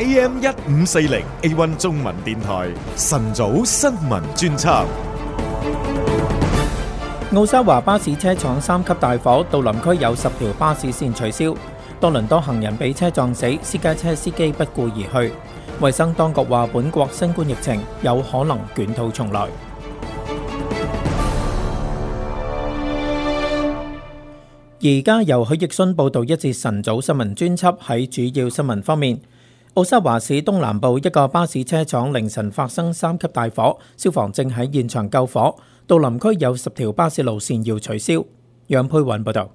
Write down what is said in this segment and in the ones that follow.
A.M. 一五四零 A One 中文電台晨早新聞專輯。奧沙華巴士車廠三級大火，杜林區有十條巴士線取消。多倫多行人被車撞死，私家車司機不顧而去。衛生當局話，本國新冠疫情有可能捲土重來。而家由許奕迅報道一節晨早新聞專輯。喺主要新聞方面。奧沙華市東南部一個巴士車廠凌晨發生三級大火，消防正喺現場救火。杜林區有十條巴士路線要取消。楊佩雲報道。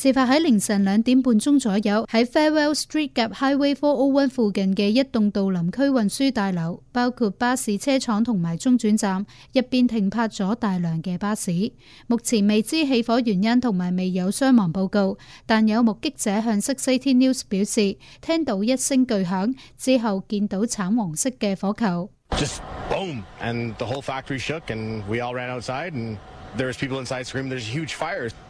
事發喺凌晨兩點半鐘左右，喺 Farewell Street 及 Highway 401附近嘅一棟道林區運輸大樓，包括巴士車廠同埋中轉站，入邊停泊咗大量嘅巴士。目前未知起火原因同埋未有傷亡報告，但有目擊者向 City News 表示，聽到一聲巨響之後，見到橙黃色嘅火球。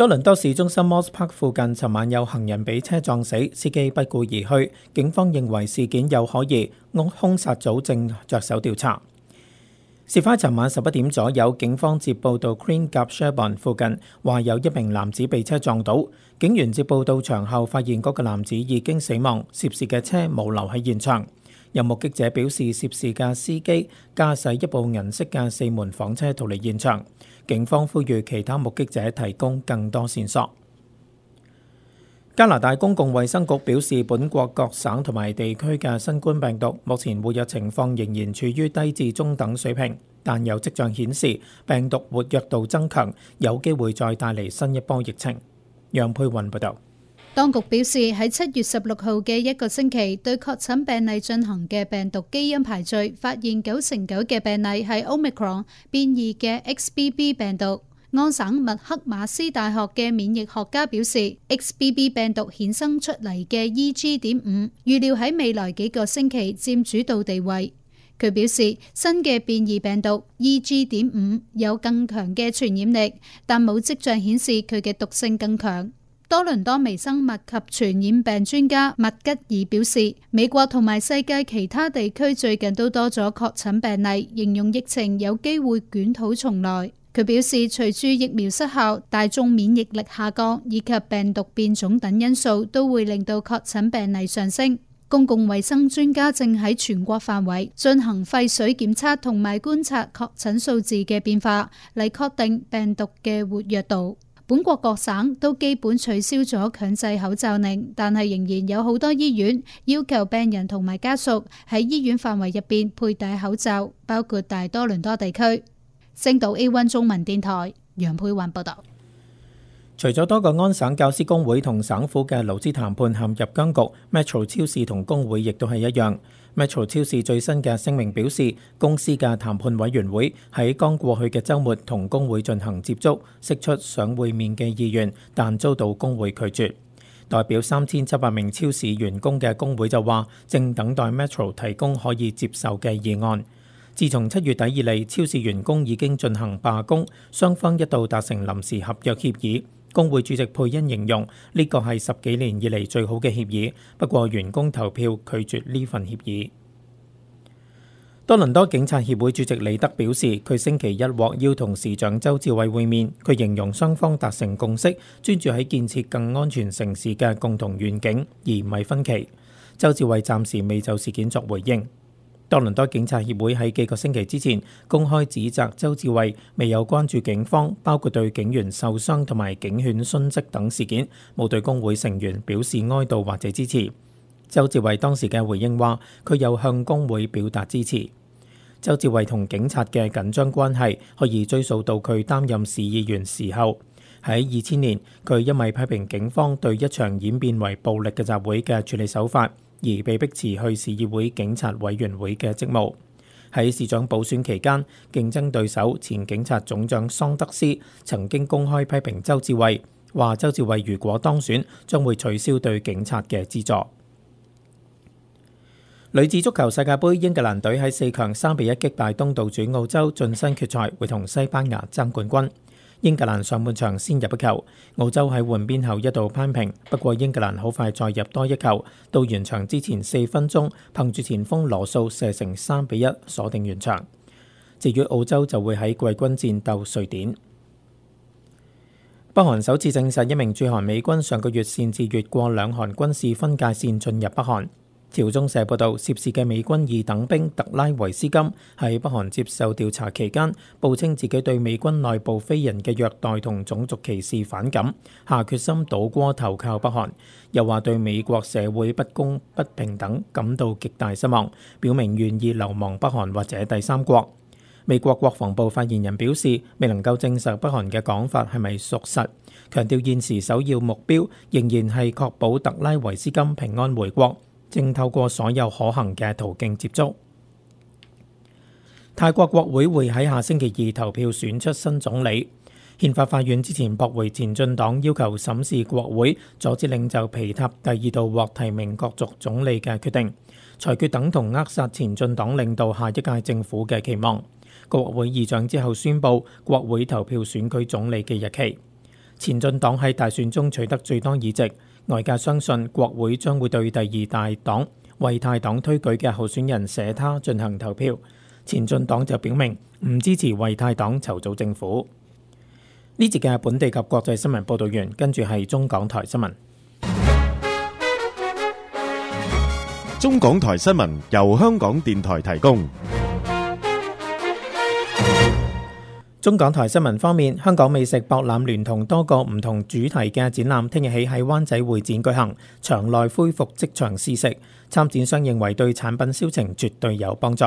多倫多市中心 Moss Park 附近，昨晚有行人被車撞死，司機不顧而去。警方認為事件有可疑，屋兇殺組正着手調查。事發昨晚十一點左右，警方接報到 Queen 夾 Sherbourne 附近，話有一名男子被車撞倒。警員接報到場後，發現嗰個男子已經死亡，涉事嘅車冇留喺現場。有目擊者表示，涉事嘅司機駕駛一部銀色嘅四門房車逃離現場。警方呼籲其他目擊者提供更多線索。加拿大公共衛生局表示，本國各省同埋地區嘅新冠病毒目前活躍情況仍然處於低至中等水平，但有跡象顯示病毒活躍度增強，有機會再帶嚟新一波疫情。楊佩雲報道。當局表示，喺七月十六號嘅一個星期，對確診病例進行嘅病毒基因排序，發現九成九嘅病例係 Omicron 變異嘅 XBB 病毒。安省麥克馬斯大學嘅免疫學家表示，XBB 病毒衍生出嚟嘅 EG. 點五，預料喺未來幾個星期佔主導地位。佢表示，新嘅變異病毒 EG. 點五有更強嘅傳染力，但冇跡象顯示佢嘅毒性更強。多倫多微生物及傳染病專家麥吉爾表示，美國同埋世界其他地區最近都多咗確診病例，形容疫情有機會捲土重來。佢表示，隨住疫苗失效、大眾免疫力下降以及病毒變種等因素，都會令到確診病例上升。公共衛生專家正喺全國範圍進行廢水檢測同埋觀察確診數字嘅變化，嚟確定病毒嘅活躍度。本國各省都基本取消咗強制口罩令，但係仍然有好多醫院要求病人同埋家屬喺醫院範圍入邊佩戴口罩，包括大多倫多地區。星島 A1 中文電台，楊佩環報道。除咗多個安省教師工會同省府嘅勞資談判陷入僵局，Metro 超市同工會亦都係一樣。Metro 超市最新嘅聲明表示，公司嘅談判委員會喺剛過去嘅週末同工會進行接觸，釋出想會面嘅意願，但遭到工會拒絕。代表三千七百名超市員工嘅工會就話，正等待 Metro 提供可以接受嘅議案。自從七月底以嚟，超市員工已經進行罷工，雙方一度達成臨時合約協議。工會主席佩恩形容呢個係十幾年以嚟最好嘅協議，不過員工投票拒絕呢份協議。多倫多警察協會主席李德表示，佢星期一獲邀同市長周志偉會面，佢形容雙方達成共識，專注喺建設更安全城市嘅共同願景，而唔係分歧。周志偉暫時未就事件作回應。多倫多警察協會喺幾個星期之前公開指責周志偉未有關注警方，包括對警員受傷同埋警犬殉職等事件，冇對工會成員表示哀悼或者支持。周志偉當時嘅回應話，佢有向工會表達支持。周志偉同警察嘅緊張關係可以追溯到佢擔任市議員時候。喺二千年，佢因為批評警方對一場演變為暴力嘅集會嘅處理手法，而被迫辭去市議會警察委員會嘅職務。喺市長補選期間，競爭對手前警察總長桑德斯曾經公開批評周志偉，話周志偉如果當選，將會取消對警察嘅資助。女子足球世界盃，英格蘭隊喺四強三比一擊敗東道主澳洲，晉身決賽，會同西班牙爭冠軍。英格蘭上半場先入一球，澳洲喺換邊後一度扳平，不過英格蘭好快再入多一球，到完場之前四分鐘憑住前鋒羅素射成三比一鎖定完場。至於澳洲就會喺季軍戰鬥瑞典。北韓首次證實一名駐韓美軍上個月擅自越過兩韓軍事分界線進入北韓。朝中社報導，涉事嘅美軍二等兵特拉維斯金喺北韓接受調查期間，報稱自己對美軍內部非人嘅虐待同種族歧視反感，下決心倒戈投靠北韓，又話對美國社會不公、不平等感到極大失望，表明願意流亡北韓或者第三國。美國國防部發言人表示，未能夠證實北韓嘅講法係咪屬實，強調現時首要目標仍然係確保特拉維斯金平安回國。正透過所有可行嘅途徑接觸。泰國國會會喺下星期二投票選出新總理。憲法法院之前駁回前進黨要求審視國會阻止領袖皮塔第二度獲提名角逐總理嘅決定，裁決等同扼殺前進黨領導下一屆政府嘅期望。國會議長之後宣布國會投票選舉總理嘅日期。前進黨喺大選中取得最多議席。外界相信國會將會對第二大黨為泰黨推舉嘅候選人社他進行投票。前進黨就表明唔支持為泰黨籌組政府。呢節嘅本地及國際新聞報導員，跟住係中港台新聞。中港台新聞由香港電台提供。中港台新聞方面，香港美食博覽聯同多個唔同主題嘅展覽，聽日起喺灣仔會展舉行，場內恢復即場試食。參展商認為對產品銷情絕對有幫助。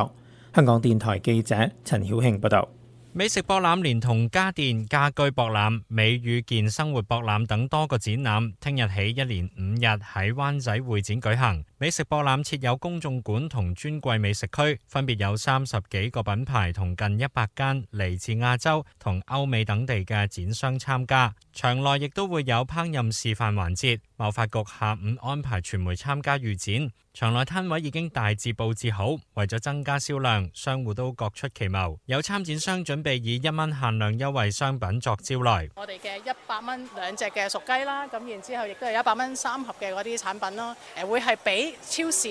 香港電台記者陳曉慶報道。美食博覽連同家電、家居博覽、美與健生活博覽等多個展覽，聽日起一連五日喺灣仔會展舉行。美食博覽設有公眾館同尊貴美食區，分別有三十幾個品牌同近一百間嚟自亞洲同歐美等地嘅展商參加，場內亦都會有烹飪示範環節。貿發局下午安排傳媒參加預展，場內攤位已經大致佈置好。為咗增加銷量，商戶都各出奇謀。有參展商準備以一蚊限量優惠商品作招徠。我哋嘅一百蚊兩隻嘅熟雞啦，咁然之後亦都係一百蚊三盒嘅嗰啲產品咯。誒，會係比超市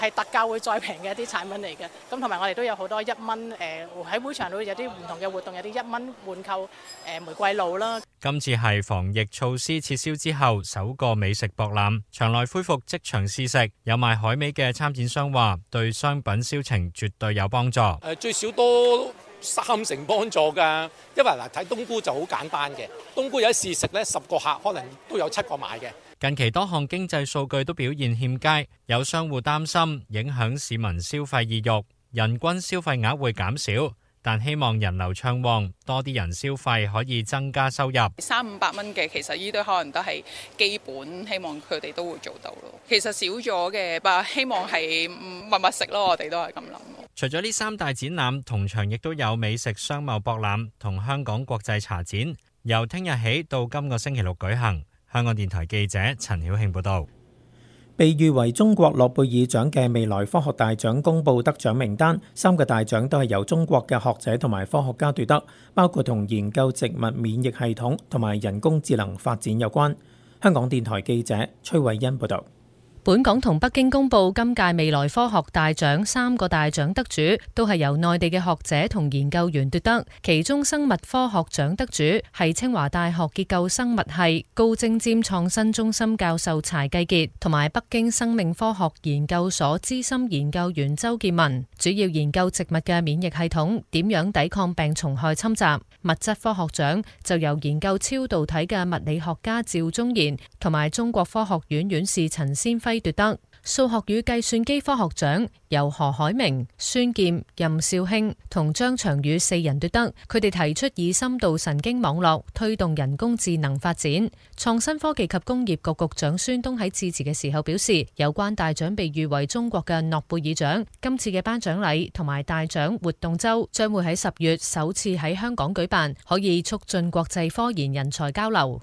係特價會再平嘅一啲產品嚟嘅。咁同埋我哋都有好多一蚊，誒喺會場度有啲唔同嘅活動，有啲一蚊換購，誒玫瑰露啦。今次係防疫措施撤銷之後首個美。食博覽場內恢復即場試食，有賣海味嘅參展商話，對商品銷情絕對有幫助。誒，最少多三成幫助噶，因為嗱睇冬菇就好簡單嘅，冬菇有試食呢，十個客可能都有七個買嘅。近期多項經濟數據都表現欠佳，有商戶擔心影響市民消費意欲，人均消費額會減少。但希望人流暢旺，多啲人消費可以增加收入。三五百蚊嘅，其實呢啲可能都係基本，希望佢哋都會做到咯。其實少咗嘅，不希望係密密食咯。我哋都係咁諗。除咗呢三大展覽，同場亦都有美食商貿博覽同香港國際茶展，由聽日起到今個星期六舉行。香港電台記者陳曉慶報道。被譽為中國諾貝爾獎嘅未來科學大獎公布得獎名單，三個大獎都係由中國嘅學者同埋科學家奪得，包括同研究植物免疫系統同埋人工智能發展有關。香港電台記者崔慧欣報道。本港同北京公布今屆未來科學大獎三個大獎得主，都係由內地嘅學者同研究員奪得。其中生物科學獎得主係清華大學結構生物系高精尖創新中心教授柴繼杰，同埋北京生命科學研究所資深研究員周建文，主要研究植物嘅免疫系統點樣抵抗病蟲害侵襲。物質科學獎就由研究超導體嘅物理學家趙忠賢，同埋中國科學院院，院士陳仙輝。奪得數學與計算機科學獎，由何凱明、孫劍、任少卿同張長宇四人奪得。佢哋提出以深度神經網絡推動人工智能發展。創新科技及工業局局長孫東喺致辭嘅時候表示，有關大獎被譽為中國嘅諾貝爾獎。今次嘅頒獎禮同埋大獎活動周將會喺十月首次喺香港舉辦，可以促進國際科研人才交流。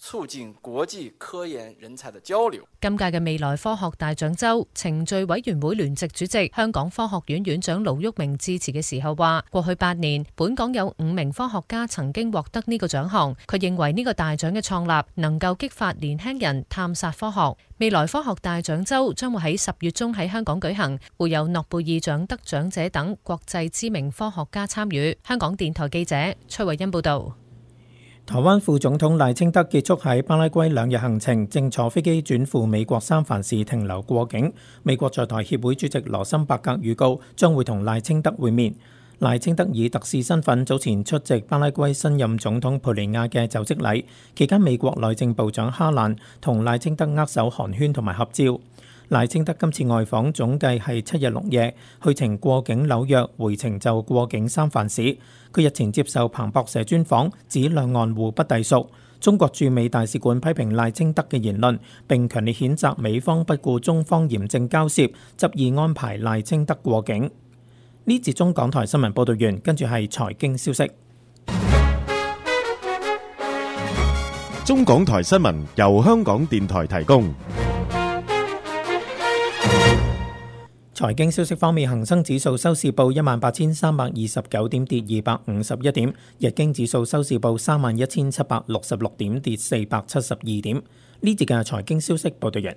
促進國際科研人才的交流。今屆嘅未來科學大獎周程序委員會聯席主席、香港科學院院長盧煜明致辭嘅時候話，過去八年，本港有五名科學家曾經獲得呢個獎項。佢認為呢個大獎嘅創立能夠激發年輕人探索科學。未來科學大獎周將會喺十月中喺香港舉行，會有諾貝爾獎得獎者等國際知名科學家參與。香港電台記者崔慧欣報道。台灣副總統賴清德結束喺巴拉圭兩日行程，正坐飛機轉赴美國三藩市停留過境。美國在台協會主席羅森伯格預告，將會同賴清德會面。賴清德以特使身份早前出席巴拉圭新任總統培尼亞嘅就職禮，期間美國內政部長哈蘭同賴清德握手寒暄同埋合照。賴清德今次外訪總計係七日六夜，去程過境紐約，回程就過境三藩市。佢日前接受彭博社專訪，指兩岸互不隸屬。中國駐美大使館批評賴清德嘅言論，並強烈譴責美方不顧中方嚴正交涉，執意安排賴清德過境。呢節中港台新聞報道完，跟住係財經消息。中港台新聞由香港電台提供。財經消息方面，恒生指數收市報一萬八千三百二十九點，跌二百五十一點；日經指數收市報三萬一千七百六十六點，跌四百七十二點。呢節嘅財經消息報道完。